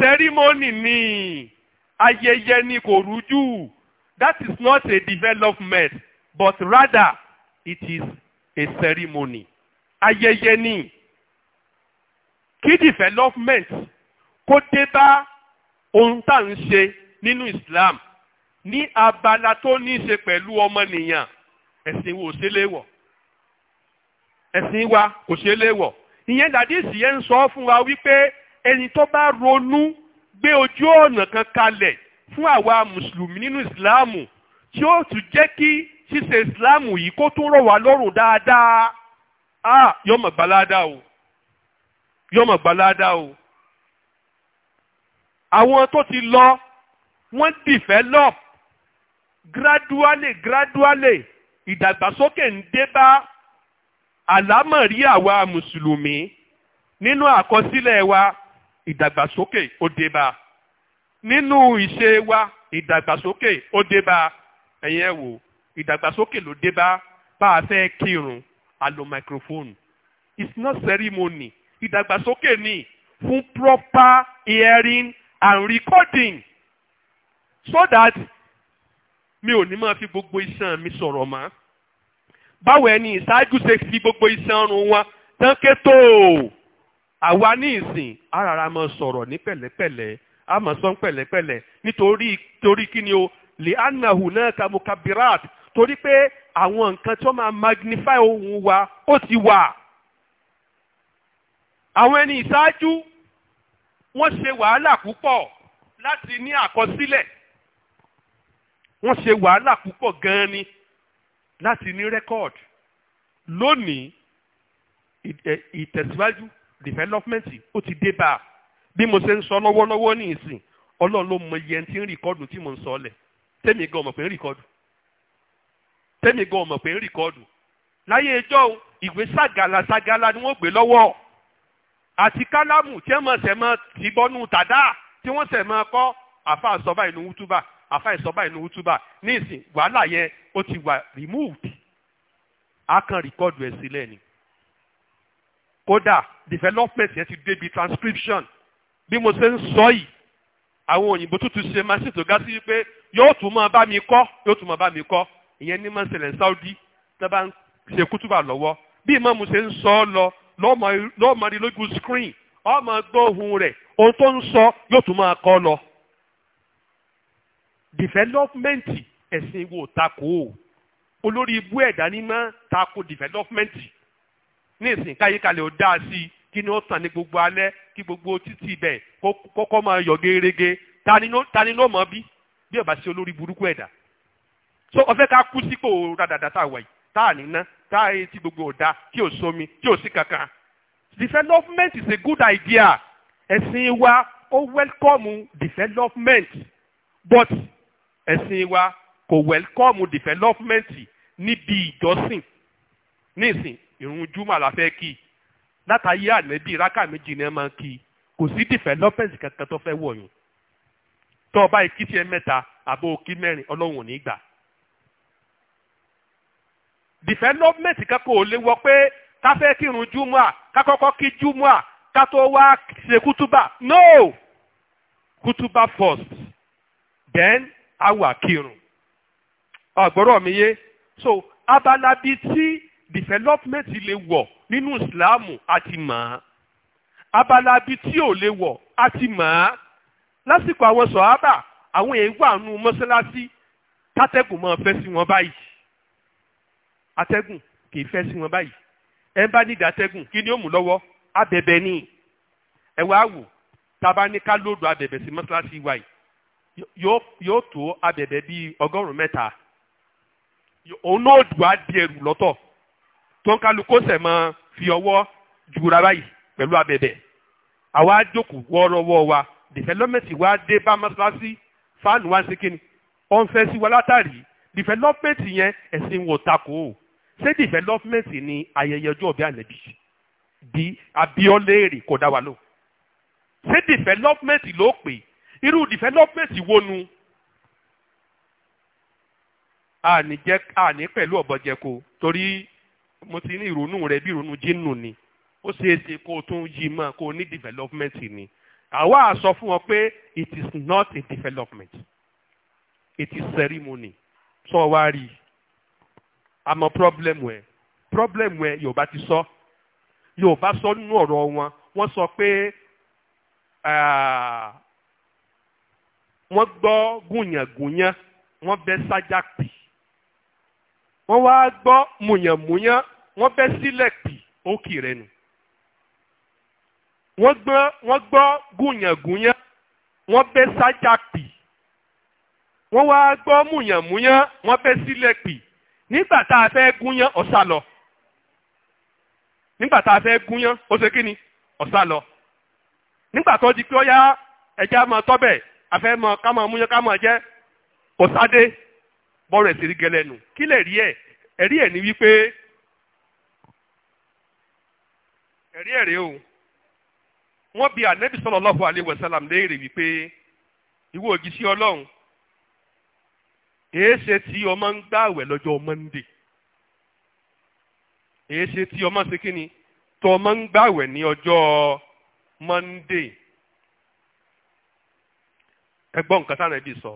Ceremony ni ayẹyẹ ni kò rújú that is not a development but rather it is a ceremony ayẹyẹ ni kí development kó dé bá ohun tá à ń ṣe nínú Islam ní abala tó ní í ṣe pẹ̀lú ọmọnìyàn ẹ̀sìn wo ṣe léwọ̀ ẹ̀sìn wa kò ṣe léwọ̀ ìyẹn dàdí ìsìyẹn ń sọ fún wa wípé ẹni tó bá ronú gbé ojú ọ̀nà kan kalẹ̀ fún àwa mùsùlùmí nínú ìsìláàmù tí ó tún jẹ́ kí ṣíṣe ìsìláàmù yìí kó tún rọ̀ wá lọ́rùn dáadáa a yọmọ gbalada o yọmọ gbalada o àwọn tó ti lọ wọ́n develop gradually gradually ìdàgbàsókè ń dé bá àlámọ̀rí àwa mùsùlùmí nínú àkọsílẹ̀ wa ìdàgbàsókè ó dé bá a nínú ìṣe wa ìdàgbàsókè ó dé bá a ẹ̀yin ẹ̀ wò ìdàgbàsókè ló dé bá bá a fẹ́ kírun a lo microphone it's not ceremony ìdàgbàsókè ni fún proper hearing and recording so that mi ò ní máa fi gbogbo iṣan mi sọ̀rọ̀ mọ́ báwo ẹni ìṣáájú ṣe fi gbogbo iṣan ọrùn wọn tán ké tó àwa ní ìsìn àràrà máa sọ̀rọ̀ ní pẹ̀lẹ́pẹ̀lẹ́ a máa sọ pẹ̀lẹ́pẹ̀lẹ́ nítorí torí kí ni o lè anahu náà ka mukabirat torí pé àwọn nǹkan tó máa magnify ohun wa ó ti wà àwọn ẹni ìṣáájú wọ́n ṣe wàhálà púpọ̀ láti ní àkọsílẹ̀ wọ́n ṣe wàhálà púpọ̀ gan-an ni láti ní rẹ́kọ̀d lónìí ìtẹ̀síwájú development ó ti dé bá a bí mo ṣe ń sọ lọ́wọ́lọ́wọ́ ní ìsìn ọlọ́run ló mọ iye tí ń rìkọ́dù tí mo ń sọ lẹ̀ tẹ́mi gan ọmọ pé ń rìkọ́dù tẹ́mi gan ọmọ pé ń rìkọ́dù láyé ẹjọ́ ìwé ságàlà ságàlà ni wọ́n gbé lọ́wọ́ àti kálámù tí wọ́n ṣẹ̀ mọ́ ti bọ́nú tàdá tí wọ́n ṣẹ̀ mọ́ kọ́ àfa àsọ̀bá inú wútúbà àfa ìsọ̀bá inú wútúbà ní ìsìn wàhálà yẹn ó ti wà removed a kan rìkọ́dù ẹ̀ sílẹ̀ kódà development yẹn ti débi transcription bí mo ṣe ń sọ yìí àwọn òyìnbó tó tún ṣe machine tó ga sí pé yóò tún máa bá mi kọ́ yóò tún máa bá mi kọ́ ìyẹn ní máa ṣẹlẹ̀ Saudi tó bá ń ṣe kútùbà lọ́wọ́ bí ìmọ̀ọ́mù ṣe ń sọ ọ́ lọ lọ́ọ̀mọ́ rí lójú screen ọmọ gbóhùn rẹ̀ ohun tó ń sọ yóò tún máa kọ́ lọ. development ẹ̀sìn wo tako olórí ibú ẹ̀dá ní máa tako development ní ìsìn káyíkalẹ̀ ò dáa sí i kí ni ó tàn ní gbogbo alẹ́ kí gbogbo títì ibẹ̀ kọ́kọ́ máa yọ̀ gerege ta ni ló mọ̀ bí bí ọba sí olórí burúkú ẹ̀dá so ọfẹ́ ká kú sípò rádàdà tá a wà yìí tá a níná tá a yẹ ti gbogbo ọ̀dà tí ò sómi tí ò sí kankan development is a good idea ẹ̀sìn wa ó welcome development but ẹ̀sìn wa kò welcome development níbi ìjọsìn nísìn ìrun júmọ̀ la fẹ́ kí látàyé ànẹ́bí rákà méjì ni ẹ máa ń kí kò sí development kankan tó fẹ́ wọ̀nyún tó o bá ikí tiẹ̀ mẹ́ta àbó okí mẹ́rin ọlọ́run ò ní gbà. development kankan ò lè wọ pé ká fẹ́ kírun júmọ̀ à ká kọ́kọ́ kí júmọ̀ à ká tó wá ṣe kútúbà no kútúbà first then àwa kírun ọ̀gbọ́rọ̀ mi yé so abala bíi tí development lè wọ̀ nínú ìsìláàmù àti mọ̀ ọ́ abala bíi tí ò lè wọ̀ àti mọ̀ ọ́ lásìkò àwọn sọ̀hábà àwọn èèyàn wà nù mọ́sálásí tátẹ́gùn máa fẹ́ sí wọn báyìí atẹ́gùn kì í fẹ́ sí wọn báyìí ẹ bá nídìí atẹ́gùn kí ni ó mú lọ́wọ́ abẹ̀bẹ̀ ni ẹ wá wò tá ní ká lóòdù abẹ̀bẹ̀ sí mọ́sálásí wa yìí yóò tó abẹ̀bẹ̀ bíi ọgọ́rùn-ún mẹ́ta òun náà dùn á di ẹrù lọ́tọ̀ tó ń kálukó sẹ̀mọ́ fi ọwọ́ jura báyìí pẹ̀lú abẹ̀bẹ̀ àwa jókòó wọ́ọ́rọ́wọ́ wa development wa dé bá mọ́ṣáláṣí fáànù wa ń ṣe kíni ó ń fẹ́ sí wa látàrí development yẹn ẹ̀sìn wò takò ó ṣé development ni ayẹyẹ ọjọ́ ọ̀bẹ àlẹ́bí bí abiọ́léèrè kò dá wa lò ṣé development ló pè irú development wo nu àní jẹ́ àní pẹ̀lú ọ̀bọ torí mo ti ní ìrònú rẹ bí ìrònú jínù ni ó ṣeé ṣe kó o tún yí mọ́ kó o ní development ni àwa sọ fún wọn pé it is not a development it is ceremony sọ wá rí àmọ́ problem ẹ problem ẹ Yorùbá ti sọ Yorùbá sọ nínú ọ̀rọ̀ wọn wọ́n sọ pé ah, wọ́n gbọ́ gùnyàngùnyàn wọ́n bẹ́ sájà pì wọ́n wá gbọ́ mùyànmùyàn wọ́n bẹ́ sílẹ̀ pì ó kì rẹ nù. wọ́n gbọ́ wọ́n gbọ́ gúnyàngúnyán wọ́n bẹ́ sájà pì wọ́n wá gbọ́ múyànmúyán wọ́n bẹ́ sílẹ̀ pì nígbà tá a fẹ́ gúnyán ọ̀sà lọ nígbà tá a fẹ́ gúnyán ó ṣe kí ni ọ̀sà lọ nígbà tó di pé ó ẹja máa tọ́bẹ̀ àfẹ́ mọ ká máa múyán ká máa jẹ́ ọ̀sádé bọ́ọ̀rù ẹ̀sìn gẹlẹ́nu kí lè rí ẹ̀ ẹ̀rí ẹ̀ ní wípé ẹ̀rí ẹ̀rí o wọ́n bi ànẹ́bí sallallahu alaihi wasallam léèrè wípé ìwọ òjíṣẹ́ ọlọ́run èé ṣe tí ọmọ ń gbààwẹ̀ lọ́jọ́ Monday èé ṣe tí ọmọ ṣe kíni tó ọmọ ń gbààwẹ̀ ní ọjọ́ Monday ẹ nǹkan táwọn ẹbí sọ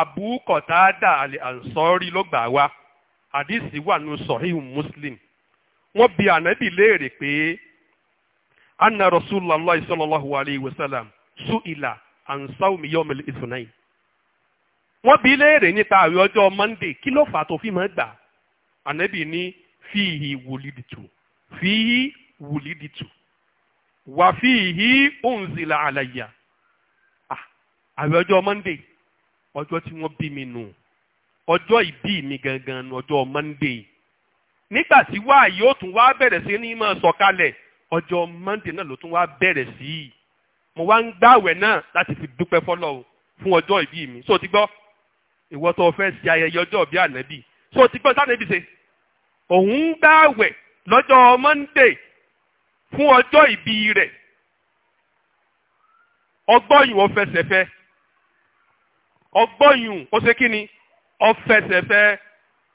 Abu Qatada al-Ansari ló gbà wá àdìsí wà nù Sahih Muslim. wọ́n bi ànábì léèrè pé anna rasulallah sallallahu alayhi wa sallam su ila an sawmi yomil isunayi wọ́n bi léèrè nípa àwẹ̀ ọjọ́ monday kí ló fà á tó fi máa gbà ànábì ní fíìhì wùlídìtù fíìhì wùlídìtù wà fíìhì òǹzìlà àlàyà ah, àwẹ̀ ọjọ́ monday ọjọ́ tí wọ́n bí mi nù ọjọ́ ìbí mi gangan nù ọjọ́ monday nígbà tí wáàyí ó tún wá bẹ̀rẹ̀ sí ní máa sọ̀kalẹ̀ ọjọ́ monday náà ló tún wá bẹ̀rẹ̀ sí i mo wá ń gbààwẹ̀ náà láti fi dúpẹ́ fọlọ́run fún ọjọ́ ìbí mi so ti gbọ́ ìwọ tó fẹ́ ṣe ayẹyẹ ọjọ́ ìbí ànábì so ti gbọ́ sànẹ́bì ṣe òun ń gbààwẹ̀ lọ́jọ́ monday fún ọjọ́ ìbí rẹ̀ ọgbọ́yùn ó fẹsẹ̀fẹ́ ọgbọ́yùn ó ṣe kí ni ó fẹsẹ̀fẹ́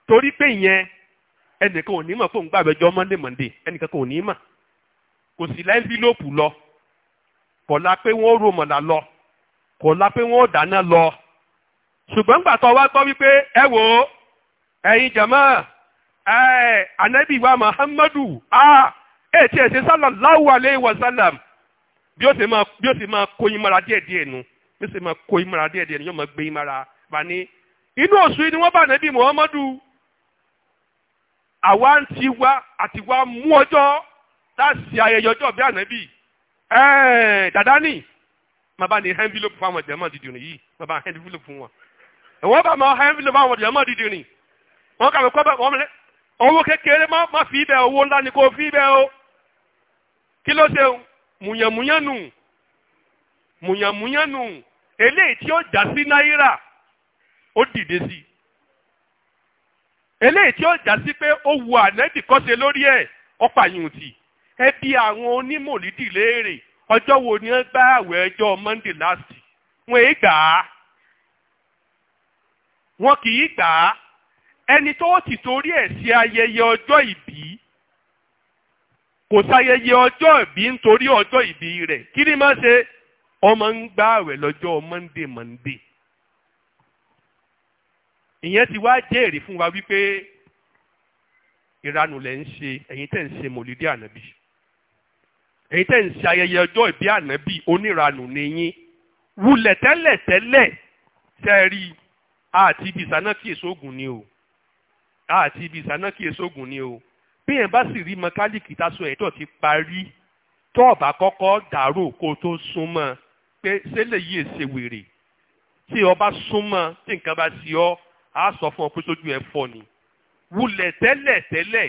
torí pé ìyẹn ẹnìkan ò ní mọ̀ fóun gbàgbẹ́jọ́ monday monday ẹnìkan kò ní mọ̀ kò sí lọ kò pé wọ́n lọ kò pé wọ́n dáná lọ ṣùgbọ́n gbà tó wá gbọ́ wípé ẹ ẹ̀yin ẹ̀ anabi wa muhammadu a ẹ̀ tí ẹ̀ ṣe sallallahu alaihi bí ó ṣe máa bí ó máa kó bí ó máa kó nu yóò máa gbé inú àwa ń ti wá àti wá mú ọjọ́ láti ayẹyẹ ọjọ́ bí ànábì dàdá nì máa bá ní envelope fún àwọn ìjẹ́mọ̀ dídì rìn yìí máa bá envelope fún wọn. ìwọ́n bá máa envelope fún àwọn ìjẹ́mọ̀ dídì rìn wọ́n kà mí kọ́ bẹ́ẹ̀ wọ́n owó kékeré má fi ibẹ̀ owó ńlá ni kò fi ibẹ̀ o kí ló ṣe mùyànmùyàn nù mùyànmùyàn nù eléyìí tí ó já sí náírà ó dìde sí i eléyìí tí ó já sí pé ó wu ànẹ́bì kọ́ṣe lórí ẹ̀ ọ̀pọ̀ àyùntì ẹ bí àwọn onímọ̀lídì léèrè ọjọ́ wo ni wọ́n gbá àwẹ̀ ẹjọ́ Monday last wọn èé gbà á wọn kì í gbà á ẹni tó ti torí ẹ̀ ṣe ayẹyẹ ọjọ́ ìbí kò sáyẹyẹ ọjọ́ ìbí nítorí ọjọ́ ìbí rẹ̀ kí ni má ṣe ọmọ ń gbá àwẹ̀ lọ́jọ́ Monday Monday ìyẹn ti wá jẹ́ fún wa wípé ìranù lẹ̀ ń ṣe ẹ̀yin tẹ̀ ń ṣe mòlídé ànábì ẹ̀yin tẹ̀ ń ṣe ayẹyẹ ọjọ́ ìbí ànábì oníranù ni yín wulẹ̀ tẹ́lẹ̀ tẹ́lẹ̀ sẹ́ẹ̀rí àti ibi ìsáná kí èso ògùn ni o àti ibi ìsáná kí èso ògùn ni o bí yẹn bá sì rí mẹkáníìkì táṣọ ẹ̀ tó ti parí tó ọ̀bà kọ́kọ́ dàrú kó tó súnmọ́ pé ṣé lè yí èsè wèrè tí ọba súnmọ́ tí nǹkan bá sí ọ́ á sọ fún ọ pé sójú ẹ fọ́ ni wulẹ̀ tẹ́lẹ̀ tẹ́lẹ̀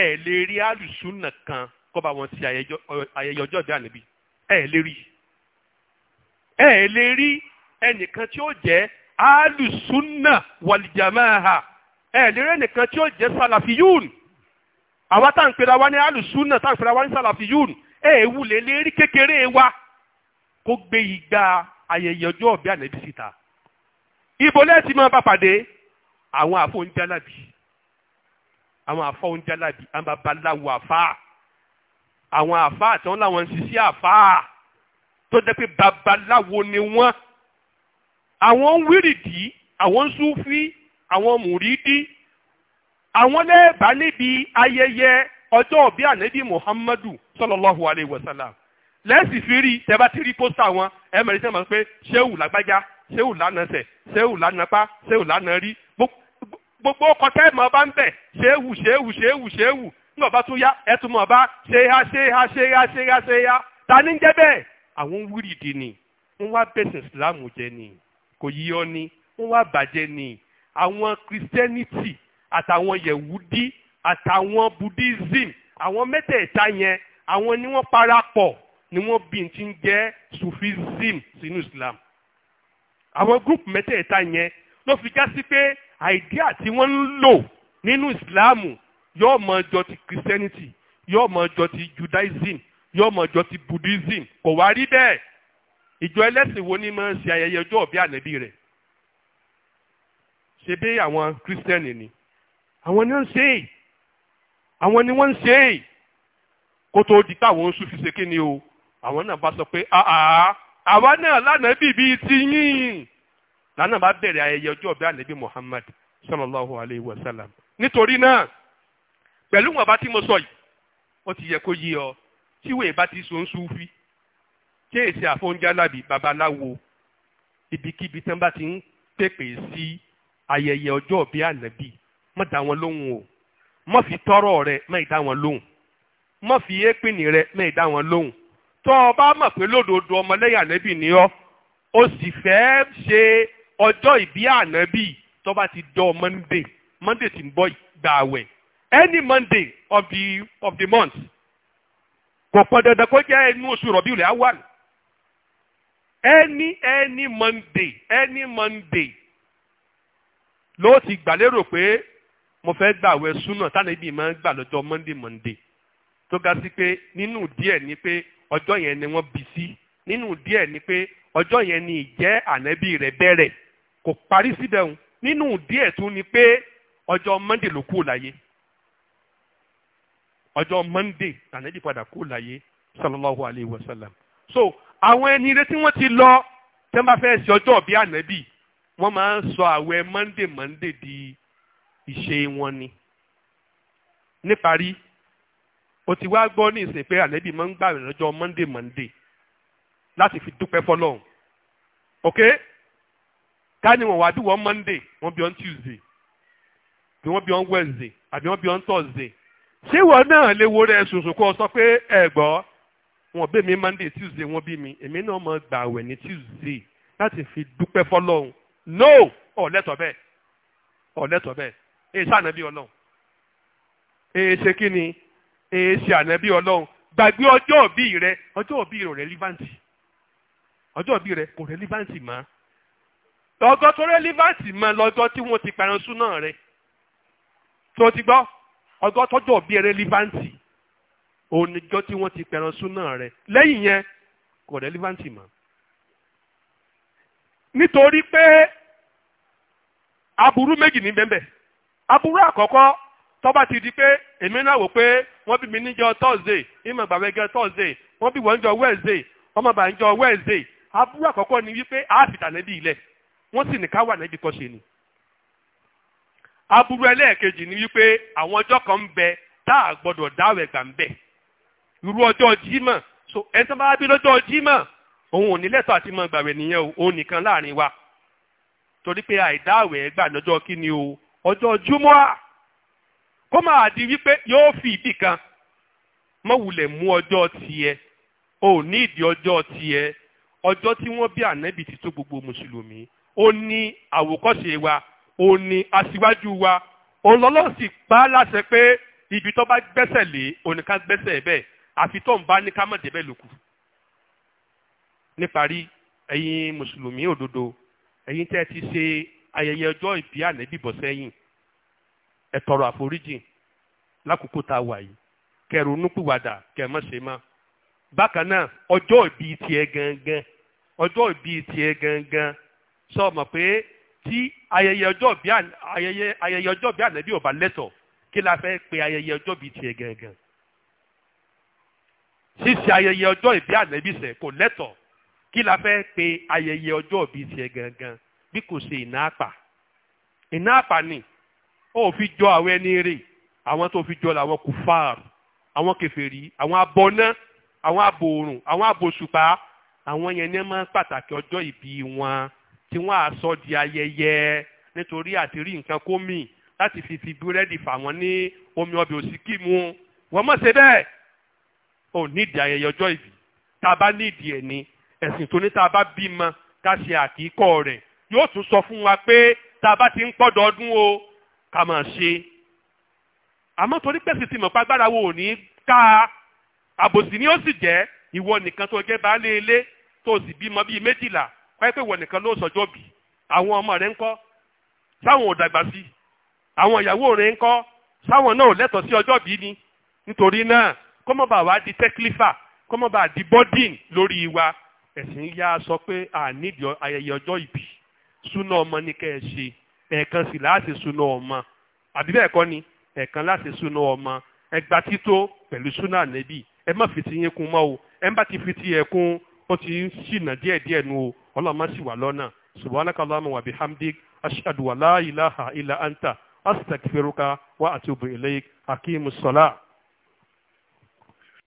ẹ lè rí alùsùnà kan kó bá wọn ṣe ayẹyẹ ọjọ́ ìbí ànábì ẹ lè rí ẹ lè rí ẹnìkan tí ó jẹ́ alùsùnà wàlìjàmáà ẹ lè rí ẹnìkan tí ó jẹ́ sàlàfíyùn àwa tá à ń pera wa ní alùsùnà tá à ń pera wa ní sàlàfíyùn ẹ wulẹ̀ lè rí kékeré wa kó gbé igba ayẹyẹ ọjọ́ ìbí ànábì síta ibo lẹ́ẹ̀tì máa bá pàdé àwọn àfọ̀njálàbí àwọn àfọ̀njálàbí àwọn babaláwo àfáà àwọn àfáà tí wọ́n láwọn ń ṣiṣẹ́ àfáà tó jẹ́ pé babaláwo ni wọ́n àwọn ń wírìdì àwọn ń súfí àwọn mùrídì àwọn lẹ́ẹ̀bá níbi ayẹyẹ ọjọ́ òbí ànábì muhammadu sallallahu alayhi wa sallam lẹ́sì fi rí tẹ́bá ti rí pósítà wọn ẹ mẹ́rin sẹ́wọ̀n pé ṣéwù lágbájá ṣéwù lánàṣẹ̀ ṣéwù lánàpá ṣéwù lánàrí gbogbo ọkọ̀ tẹ́ mọ̀ bá ń bẹ̀ ṣéwù ṣéwù ṣéwù ṣéwù nígbà bá tún yá ẹ tún mọ̀ bá ṣéyá ṣéyá ṣéyá ṣéyá ṣéyá ta ní jẹ́ bẹ́ẹ̀ àwọn wúrìdì ni wọ́n wá bẹ̀sẹ̀ ìsìláàmù jẹ ni kò yí ọ ni wọ́n wá bàjẹ́ ni àwọn christianity àtàwọn yẹ̀wúdí àtàwọn buddhism àwọn mẹ́tẹ̀ẹ̀ta yẹn àwọn ni wọ́n parapọ̀ ni wọ́n bí ti ń jẹ́ sufism sínú islam àwọn gúrùpù mẹ́tẹ̀ẹ̀ta yẹn ló fi já sí pé àìdíà tí wọ́n ń lò nínú ìsìláàmù yóò mọ jọ ti christianity yóò mọ jọ ti judaism yóò mọ jọ ti buddhism kò wá rí bẹ́ẹ̀ ìjọ ẹlẹ́sìn wo ni máa ń ṣe ayẹyẹ ọjọ́ ọ̀bí ànábì rẹ̀ ṣe bí àwọn kírísítẹ́nì ni àwọn ni wọ́n ń ṣe é àwọn ni wọ́n ń ṣe é kó tó di táwọn oṣù fi ṣe kí ni o àwọn náà bá sọ pé àwa náà lánàá bíbí ti yín lánàá bá bẹ̀rẹ̀ ayẹyẹ ọjọ́ ọ̀bẹ ànábì Muhammad sallallahu alayhi wa sallam nítorí náà pẹ̀lú wọn bá tí mo sọ yìí ó ti yẹ kó yí ọ tí wèé bá ti so ń súnfí tí èsì àfọ̀njálàbí babaláwo ibikíbi tí wọn bá ti ń pèpè sí ayẹyẹ ọjọ́ ọ̀bẹ ànábì má dá wọn lóhùn o má fi tọ́rọ̀ rẹ má ì dá wọn lóhùn má fi épìnì rẹ má ì dá wọn lóhùn tọ́ ọ bá mọ̀ pé lódodo ọmọlẹ́yìn ànábì ni ọ́ ó sì fẹ́ ṣe ọjọ́ ìbí ànábì tó bá ti jọ monday monday tí ń bọ̀ gbà àwẹ̀ any monday of the of the month kò pọn dandan kó jẹ́ inú oṣù rọ̀bíù lè awal any any monday any monday ló ti gbàlérò pé mo fẹ́ gbà àwẹ̀ súnà tánàbí máa ń gbà lọ́jọ́ monday monday tó ga sí pé nínú díẹ̀ ni pé ọjọ́ yẹn ni wọ́n bí sí nínú díẹ̀ ni pé ọjọ́ yẹn ni ìjẹ́ ànábì rẹ̀ bẹ̀rẹ̀ kò parí síbẹ̀ òun nínú díẹ̀ tún ni pé ọjọ́ monday ló kú láyé ọjọ́ monday tànẹ́dì padà kú láyé sallallahu alayhi wa sallam so àwọn ẹni rẹ tí wọ́n ti lọ tí wọ́n bá fẹ́ ṣe ọjọ́ bí ànábì wọ́n máa ń sọ àwẹ̀ monday monday di ìṣe wọn ni níparí o ti wá gbọ́ ní ìsìn pé ànábì máa ń gbàwẹ̀ lọ́jọ́ monday monday láti fi dúpẹ́ fọlọ́run ok ká ní wọ́n wá bí Monday wọ́n bí wọ́n Tuesday bí wọ́n bí wọ́n Wednesday àbí wọ́n bí wọ́n Thursday ṣé ìwọ náà lè wo rẹ ṣoṣo kó o sọ pé ẹ gbọ́ wọ́n bí mi Monday Tuesday wọ́n bí mi èmi náà mọ gbààwẹ̀ ní Tuesday láti fi dúpẹ́ fọ́lọ́run no ọ̀lẹ́tọ̀ bẹ́ẹ̀ ọ̀lẹ́tọ̀ bẹ́ẹ̀ èyí sànà bí ọlọ́run èyí ṣe kí ni èyí ṣe ànà bí ọlọ́run gbàgbé ọjọ́ òbí rẹ ọjọ́ òbí rẹ relevant ọjọ́ òbí rẹ kò relevant mọ́ ọgọ́ tó rẹ́lífàǹsì mọ lọ́jọ́ tí wọ́n ti pẹ̀rẹ̀ súná rẹ̀ tó ti gbọ́ ọgọ́ tọ́jọ́ bí rẹ́lífàǹsì oníjọ́ tí wọ́n ti pẹ̀rẹ̀ súná rẹ̀ lẹ́yìn yẹn kò rẹ́lífàǹsì mọ́. nítorí pé aburú méjì ní bẹ́ẹ̀ bẹ́ẹ̀ aburú àkọ́kọ́ tọ́ba ti di pé èmi náà wò pé wọ́n bí mi níjọ́ Thursday ìmọ̀ gẹ́ Thursday wọ́n bí wọ́n ń jọ Wednesday ọmọ bàá ń jọ Wednesday aburú àkọ́kọ́ ni wípé a fìtà níbi ilẹ̀ wọ́n sì ní ká wà níbi kan ṣe ni. aburú ẹlẹ́ẹ̀kejì ni wípé àwọn ọjọ́ kan ń bẹ tá a gbọ́dọ̀ dáwọ̀ ẹ̀gbà ń bẹ irú ọjọ́ jímọ̀ so ẹni tó bá bí lọ́jọ́ jímọ̀ òun ò ní lẹ́tọ̀ àti mọ gbàwẹ̀ nìyẹn o òun nìkan láàrin wa torí pé àìdáwẹ̀ ẹ̀gbà lọ́jọ́ kí ni o ọjọ́ júmọ́à kó máa di wípé yóò fi ibì kan mọ́ wulẹ̀ mú ọjọ́ tiẹ̀ o ní ìdí ọjọ́ tiẹ̀ ọjọ́ tí wọ́n bí ànábì ti gbogbo mùsùlùmí ó ní àwòkọ́ṣe wa ó ní aṣíwájú wa òun lọ́lọ́run sì pa á láṣẹ pé ibi tó bá gbẹ́sẹ̀ lé oníkan gbẹ́sẹ̀ bẹ́ẹ̀ àfi tó ń bá ní ká mọ̀ débẹ̀ lókù. níparí ẹ̀yin mùsùlùmí òdodo ẹ̀yin tẹ́ ẹ ti ṣe ayẹyẹ ọjọ́ ìbí ànẹ́bí bọ̀ sẹ́yìn ẹ tọrọ àforíjìn lákòókò tá a wà yìí kẹrùnú pìwàdà kẹmọ́ mọ́. bákan náà ọjọ́ ìbí tiẹ̀ gangan ọjọ́ ìbí tiẹ̀ gangan sọ mọ̀ pé tí ayẹyẹ ọjọ́ bí ayẹyẹ ayẹyẹ ọjọ́ bí ànábì ò bá lẹ́tọ̀ kí la fẹ́ pe ayẹyẹ ọjọ́ bí tiẹ̀ gangan ṣíṣe ayẹyẹ ọjọ́ ìbí ànábì sẹ̀ kò lẹ́tọ̀ kí la fẹ́ pe ayẹyẹ ọjọ́ bí tiẹ̀ gangan bí kò ṣe ìná àpà ìná àpà ni ó fi jọ àwọn ẹni rè àwọn tó fi jọ làwọn kùfàr àwọn kèfèrí àwọn abọ́ná àwọn abòòrùn àwọn abòṣùpá àwọn yẹn ní tí wọ́n á sọ di ayẹyẹ nítorí àti rí nǹkan kó mì láti fi fi búrẹ́dì fà wọ́n ní omi ọbẹ̀ òsìkì mu wọ́n mọ̀ ṣe bẹ́ẹ̀ ò nídìí ayẹyẹ ọjọ́ ìbí tá a bá nídìí ẹ̀ ni ẹ̀sìn tó ní tá a bá bímọ ká ṣe àkíkọ́ rẹ̀ yóò tún sọ fún wa pé tá a bá ti ń pọ́dọ̀ ọdún o ká máa ṣe àmọ́ torí pẹ̀sì ti mọ̀ pé agbára wo ò ní ká àbòsí ni ó sì jẹ́ ìwọ nìkan tó jẹ́ baálé ilé tó sì bímọ bíi méjìlá wáyé pé wọ̀ nìkan ló sọjọ́ bì àwọn ọmọ rẹ̀ ń kọ́ sáwọn ò dàgbà sí àwọn ìyàwó rẹ̀ ń kọ́ sáwọn náà ò lẹ́tọ̀ọ́ sí ọjọ́ bì ni nítorí náà kọ́mọba wa di tẹ́kílífà kọ́mọba di bọ́dìn lórí wa ẹ̀sìn yá sọ pé a nídìí ayẹyẹ ọjọ́ ìbí súná ọmọ ní kẹ́ ẹ ṣe ẹ̀ẹ̀kan sì láti súná ọmọ àbí bẹ́ẹ̀ kọ́ ni ẹ̀ẹ̀kan láti súná ọmọ ẹgbà tító pẹ̀lú súná ànẹ́bì ẹ má fi ti yín kún mọ́ o ẹ má ti fi ti ẹ̀ kún ó ti ń ṣìnà díẹ̀díẹ̀ nu o ọlọ́mọ sì wà lọ́nà subhanaka allahumma wa bihamdik ashhadu wa la ilaha illa anta astaghfiruka wa atubu ilayk aqimus salah.